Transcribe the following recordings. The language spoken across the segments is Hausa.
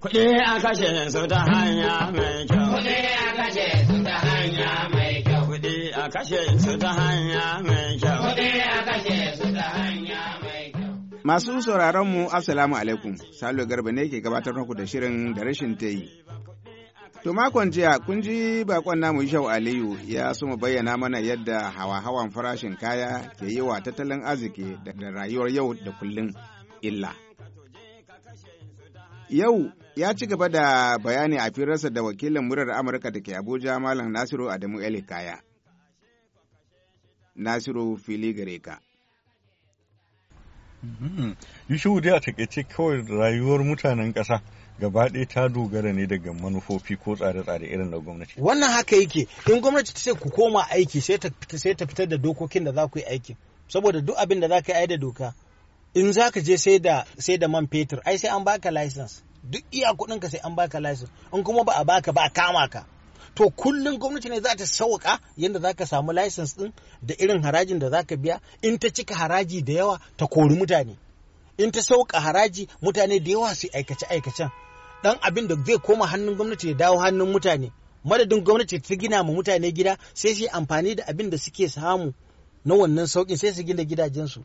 Kuɗi a kashe su ta hanya mai kyau. Kuɗi a kashe su ta hanya mai kyau. Kuɗi a kashe su ta hanya mai kyau. Kuɗi a kashe su ta hanya mai kyau. Masu sauraron mu Assalamu alaikum. Salo Garba ne ke gabatar muku da shirin da rashin ta yi. To makon jiya kun ji bakon namu Ishau Aliyu ya mu bayyana mana yadda hawa-hawan farashin kaya ke yi wa tattalin arziki da rayuwar yau da kullum illa. Yau ya ci gaba da bayani a firarsa da wakilin murar amurka da ke abuja malam nasiru adamu elikaya nasiru fili gare ka mm-hmm. dai a takaice kawai rayuwar mutanen ƙasa gaba ɗaya ta dogara ne daga manufofi ko tsare-tsare irin da gwamnati wannan haka yake in gwamnati ta ce ku koma aiki sai ta fitar da dokokin da za ku yi aiki saboda duk abin da za ka yi da doka in za ka je sai da man fetur ai sai an baka license duk iya kuɗin ka sai an baka license in kuma ba a baka ba a kama ka to kullum gwamnati ne za ta sauka yadda za ka samu license ɗin da irin harajin da za ka biya in ta cika haraji da yawa ta kori mutane in ta sauka haraji mutane da yawa su aikace aikacen dan abin da zai koma hannun gwamnati ya dawo hannun mutane madadin gwamnati ta gina ma mutane gida sai su amfani da abin da suke samu na wannan sauƙin sai su gina gidajensu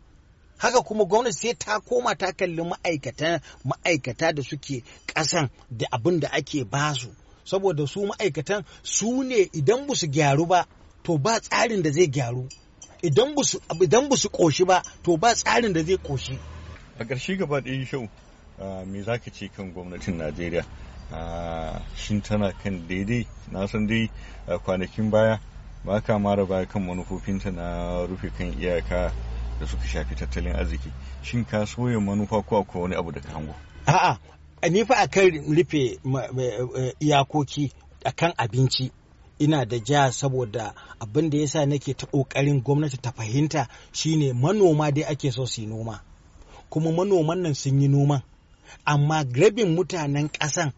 haka kuma gwamnati sai ta koma ta kalli ma'aikata ma'aikata da suke ƙasan da abin da ake ba su, saboda su ma'aikatan su ne idan ba su gyaru ba to ba tsarin da zai gyaru idan ba su ƙoshi ba to ba tsarin da zai ƙoshi. a ƙarshe gaba ɗaya shau me za ka ce kan gwamnatin najeriya shin tana kan daidai na san dai kwanakin baya ba ka mara baya kan manufofinta na rufe kan iyaka da suka shafi tattalin arziki shin ka soya manufa ko ko wani abu da ka hango a'a ni fa akan rufe eh, iyakoki akan abinci ina da ja saboda abin da yasa nake ta kokarin gwamnati ta fahimta shine manoma dai ake so su yi noma kuma manoman nan sun yi noman amma rabin mutanen ƙasan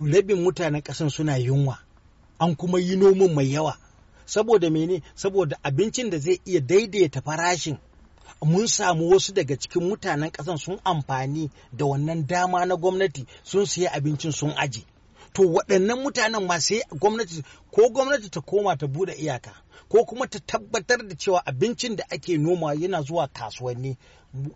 rabin mutanen ƙasan suna yunwa an kuma yi noman mai yawa saboda mene saboda abincin da zai iya daidaita farashin mun samu wasu daga cikin mutanen ƙasan sun amfani da wannan dama na gwamnati sun siya abincin sun aji to waɗannan mutanen ma sai gwamnati ko gwamnati ta koma ta buɗe iyaka ko kuma ta tabbatar da cewa abincin da ake noma yana zuwa kasuwanni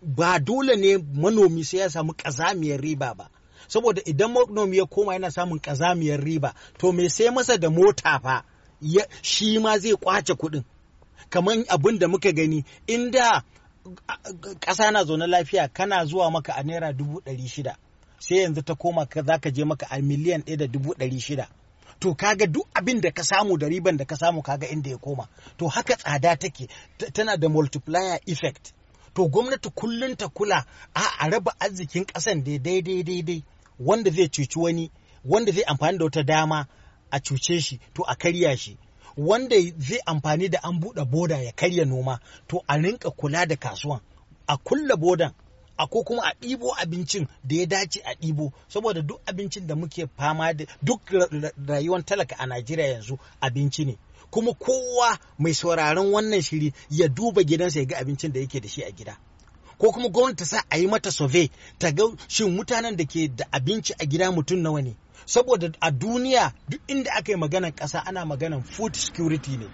ba dole ne manomi sai ya samu ƙazamiyar riba ba saboda idan manomi ya koma yana samun ƙazamiyar riba to me sai masa da mota fa shi ma zai kwace kuɗin kamar abin da muka gani inda ƙasa na zaune lafiya kana zuwa maka a naira dubu ɗari shida sai yanzu ta koma za ka je maka a miliyan ɗaya da dubu ɗari shida to kaga duk abin da ka samu da riban da ka samu kaga inda ya koma to haka tsada take tana da multiplier effect to gwamnati kullum ta kula a raba arzikin ƙasan daidai daidai wanda zai cuci wani wanda zai amfani da wata dama a cuce shi to a karya shi wanda zai amfani da an buɗe boda ya karya noma to a rinka kula da kasuwan a kulle bodan a ko kuma a ɗibo abincin da ya dace a ɗibo saboda duk abincin da muke fama da duk rayuwar talaka a najeriya yanzu abinci ne kuma kowa mai sauraron wannan shiri ya duba gidansa ya ga abincin da yake da shi a gida ko kuma gwamnati ta sa a yi mata sove ta ga shin mutanen da ke da abinci a gida mutum nawa ne saboda a duniya duk inda aka yi maganan ƙasa ana maganan food security ne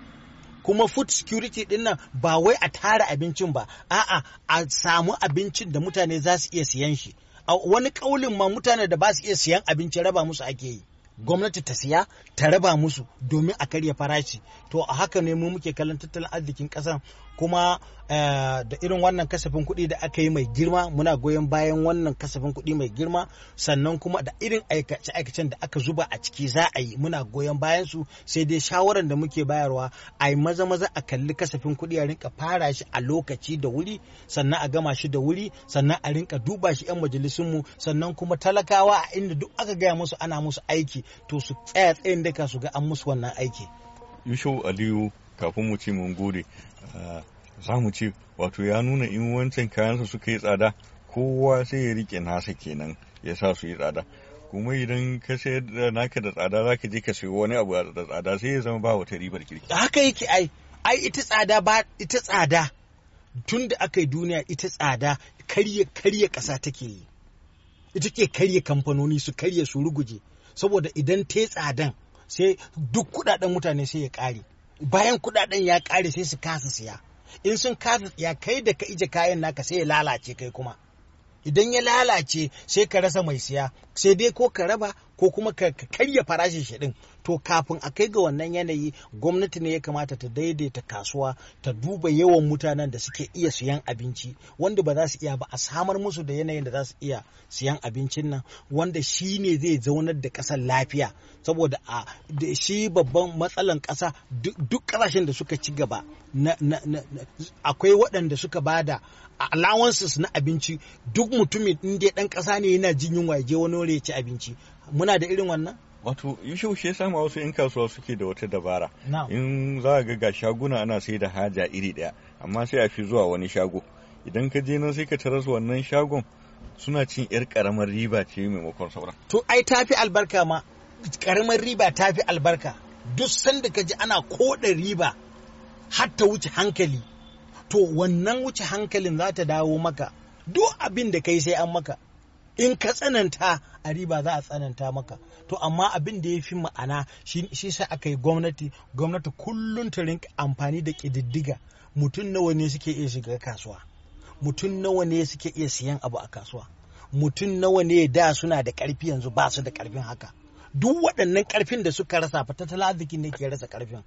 kuma food security din nan ba wai a tara abincin ba a'a a samu abincin da mutane za su iya siyan shi a wani kaulin ma mutane da ba su iya siyan abinci raba musu ake yi gwamnati ta siya ta raba musu domin a karya farashi to a haka ne mu muke kallon tattalin arzikin ƙasar kuma eh, da irin wannan kasafin kuɗi da aka yi mai girma muna goyon bayan wannan kasafin kuɗi mai girma sannan kuma da irin aikace-aikacen da aka zuba a ciki za a yi muna goyon bayan su sai dai shawaran da muke bayarwa a yi maza-maza a kalli kasafin kuɗi a rinka fara shi a lokaci da wuri sannan a gama shi da wuri sannan a rinka duba shi 'yan majalisun mu sannan kuma talakawa a inda duk aka gaya musu ana musu aiki to su tsaya tsayin daka su ga an musu wannan aiki. Yusuf Aliyu kafin mu ci mun gode ah, za mu ce wato ya nuna in wancan kayansa suka yi tsada kowa sai ya rike nasa kenan ya sa su yi tsada kuma idan ka sayar da naka da tsada za ka je ka sayo wani abu da tsada sai ya zama ba wata ribar kirki haka yake ai ai ita tsada ba ita tsada tun da aka yi duniya ita tsada karye-karye ƙasa take yi ita ke karye kamfanoni su karye su ruguje saboda idan ta tsadan sai duk kudaden mutane sai ya kare bayan kudaden ya kare sai su kasa siya in sun kasa ya kai da ka ije kayan naka sai ya lalace kai kuma idan ya lalace sai ka rasa mai siya sai dai ko ka raba ko kuma ka karya farashin shi din to kafin a kai ga wannan yanayi gwamnati ne ya kamata ta daidaita kasuwa ta duba yawan mutanen da suke iya siyan abinci wanda ba za su iya ba a samar musu da yanayin da za su iya siyan abincin nan wanda shi ne zai zaunar da ƙasar lafiya saboda a da shi babban matsalan ƙasa duk ƙasashen da suka ci gaba akwai waɗanda suka bada allowances na abinci duk mutumin in dai dan kasa ne yana jin yunwa ya je wani wuri ya ci abinci muna da irin wannan wato yusuf shi wasu yan kasuwa suke da wata dabara in za ga ga shaguna ana sai da haja iri daya amma sai a fi zuwa wani shago idan ka je nan sai ka taras wannan shagon suna cin yar karamar riba ce maimakon sauran to ai tafi albarka ma karamar riba tafi albarka duk sanda ka ji ana koda riba har ta wuce hankali to wannan wuce hankalin za ta dawo maka duk abin da kai sai an maka in ka tsananta a riba za a tsananta maka to amma abin da ya fi ma'ana shi sa aka yi gwamnati gwamnati kullum ta rinka amfani da ƙididdiga mutum nawa ne suke iya shiga kasuwa mutum nawa ne suke iya siyan abu a kasuwa mutum nawa ne da suna da ƙarfi yanzu ba su da ƙarfin haka duk waɗannan ƙarfin da suka rasa fa tattalin arziki ne ke rasa ƙarfin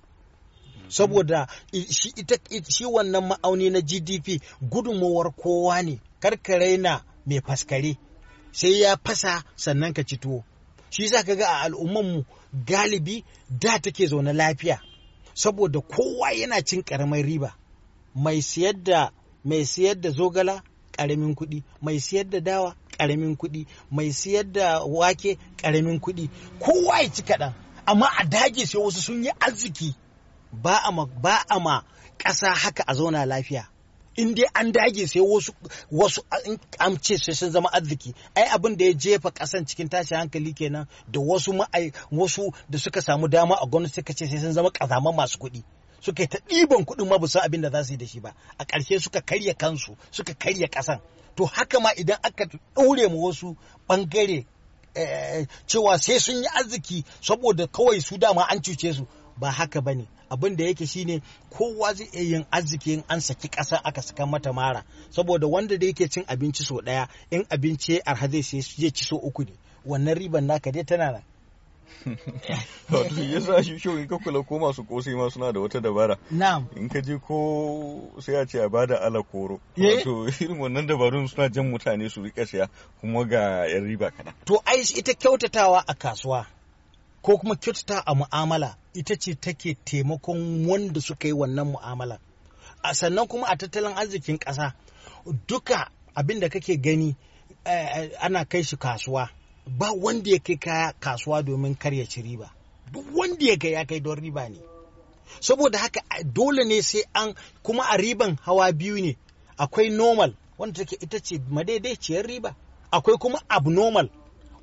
saboda shi wannan ma'auni na gdp gudunmawar kowa ne karkare na mai faskare sai ya fasa sannan ka ci tuwo shi za ka ga a al'ummanmu galibi da take zaune lafiya saboda kowa yana cin karamin riba mai siyar da mai siyar da zogala ƙaramin kuɗi mai siyar da dawa karamin kuɗi mai siyar da wake ƙaramin kuɗi kowa ya ci kaɗan amma a dage sai wasu sun yi arziki ba a ma ƙasa haka a zauna lafiya in dai an dage sai wasu wasu an sai sun zama arziki ai abin da ya jefa ƙasan cikin tashin hankali kenan da wasu ma'ai wasu da suka samu dama a gwamnati suka ce sai sun zama ƙazama masu kuɗi suka yi ta ɗiban kuɗin ma san abin da za su yi da shi ba a ƙarshe suka karya kansu suka karya ƙasan to haka ma idan aka ɗaure ma wasu ɓangare eh, cewa sai sun yi arziki saboda kawai su dama an cuce su ba haka ba ne abin da yake shine kowa zai iya yin arziki in an saki ƙasa aka saka mata mara saboda wanda da yake cin abinci so ɗaya in abinci ya arha zai ci so uku ne wannan riban naka dai tana nan wato ya sa shi shi ka kula ko masu kosai ma suna da wata dabara in ka je ko sai a ce a bada ala koro eh? wato irin wannan dabarun suna jan mutane su rika siya kuma ga yan riba kana to ai ita kyautatawa a kasuwa ko kuma kyautata a mu'amala ita ce take taimakon wanda suka yi wannan mu'amala a sannan kuma a tattalin arzikin ƙasa duka abin da kake gani eh, ana kai shi kasuwa ba wanda ya kai kaya kasuwa domin karya ci riba wanda ya kai ya kai don riba ne saboda haka dole ne sai an kuma a riban hawa biyu ne akwai normal wanda take ita ce madaidaiciyar riba akwai kuma abnormal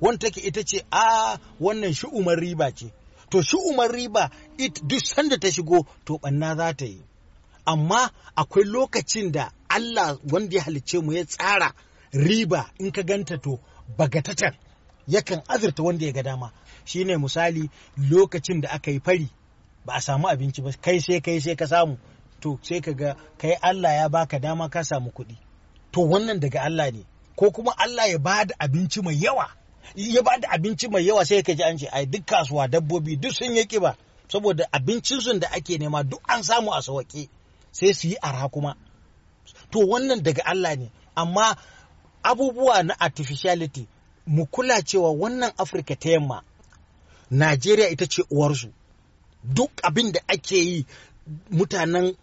wanda take ita ce a wannan shu'umar riba ce to shu'umar riba it duk sanda ta shigo to banna za ta yi amma akwai lokacin da Allah wanda ya halicce mu ya tsara riba in ka ganta to bagatatan yakan azurta wanda ya ga dama shine misali lokacin da aka yi fari ba a samu abinci ba kai sai kai sai ka samu to sai ka ga kai Allah ya baka dama ka samu kuɗi to wannan daga Allah ne ko kuma Allah ya ba da abinci mai yawa ya ba da abinci mai yawa sai ka ji an ce ai duk kasuwa dabbobi duk sun yi kiba saboda abincin sun da ake nema duk an samu a sawake sai su yi ara kuma to wannan daga Allah ne amma abubuwa na artificiality mu kula cewa wannan Afirka ta yamma Najeriya ita ce uwarsu duk abin da ake yi mutanen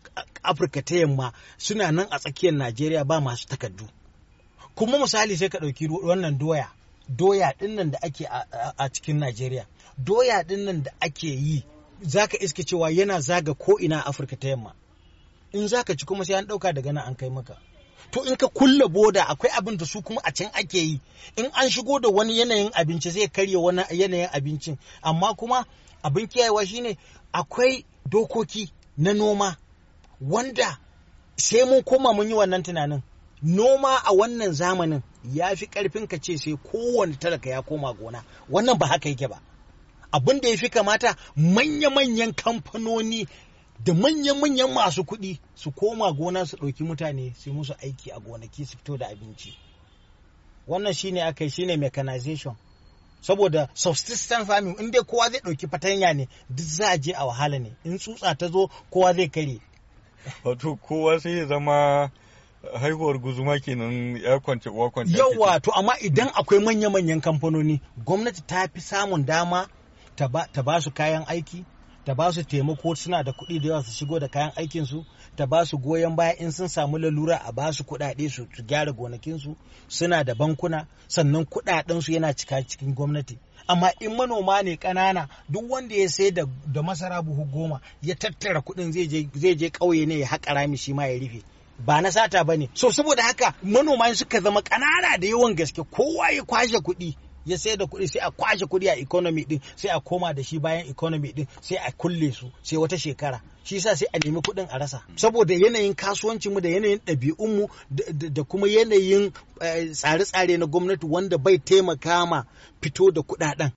Afirka ta yamma suna nan a tsakiyar Najeriya ba masu takaddu. kuma misali sai ka ɗauki wannan doya doya dinnan da ake a cikin Najeriya doya dinnan da ake yi zaka iske cewa yana zaga ko'ina ina Afirka ta yamma in zaka ci kuma sai an ɗauka daga nan an kai maka to in ka kulle boda akwai abin da su kuma a can ake yi in an shigo da wani yanayin abinci zai karya wani yanayin abincin amma kuma abin kiyayewa shine akwai dokoki na noma wanda sai mun koma mun yi wannan tunanin noma a wannan zamanin ya fi karfin ka ce sai kowane talaka ya koma gona wannan ba haka yake ba abin da ya fi kamata manya-manyan kamfanoni da manya-manyan masu kuɗi su koma gona su ɗauki mutane su musu aiki a gonaki su fito da abinci wannan shine aka yi shine mechanization saboda subsistence farming in dai kowa zai ɗauki fatanya ne duk za a je a wahala ne in tsutsa ta zo kowa zai kare wato kowa sai zama haihuwar guzuma kenan ya kwance uwa kwance yawa to amma idan akwai manya-manyan kamfanoni gwamnati ta fi samun dama ta ba su kayan aiki ta ba su taimako suna da kuɗi da yawa su shigo da kayan aikinsu ta ba su goyon baya in sun samu lalura a ba su kuɗaɗe su gyara gonakinsu suna da bankuna sannan kuɗaɗensu yana cika cikin gwamnati amma in manoma ne ƙanana duk wanda ya sai da masara buhu goma ya tattara kuɗin zai je ƙauye ne ya haƙa rami shi ma ya rufe ba na sata ba ne so saboda haka manoma suka zama kanana da yawan gaske kowa ya kwashe kuɗi ya sai da kuɗi sai a kwashe kuɗi a economy din sai a koma da shi bayan economy din sai a kulle su sai wata shekara shi yasa sai a nemi kuɗin a rasa hmm. saboda yanayin kasuwancin mu da yanayin ɗabi'un mu da kuma yanayin eh, tsare-tsare na gwamnati wanda bai taimaka ma fito da kuɗaɗen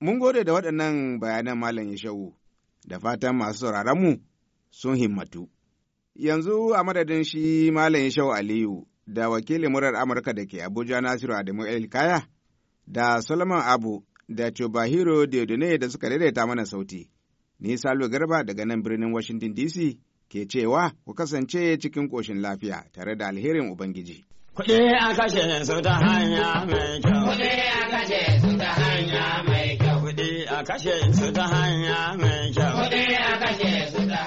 mun gode da waɗannan bayanan malam Yashau da fatan masu sauraron mu sun himmatu Yanzu a madadin shi Malam Shau Aliyu da wakilin murar Amurka da ke Abuja Nasiru Adamu El Kaya da Solomon Abu da Chobahiro Diodone da suka daidaita mana sauti. Ni Salo Garba daga nan birnin Washington DC ke cewa ku kasance cikin ƙoshin lafiya tare da alherin Ubangiji. Kuɗi a kashe su ta hanya mai kyau. Kuɗi a kashe su ta hanya mai kyau. Kuɗi a kashe su ta hanya mai kyau. Kuɗi a kashe su ta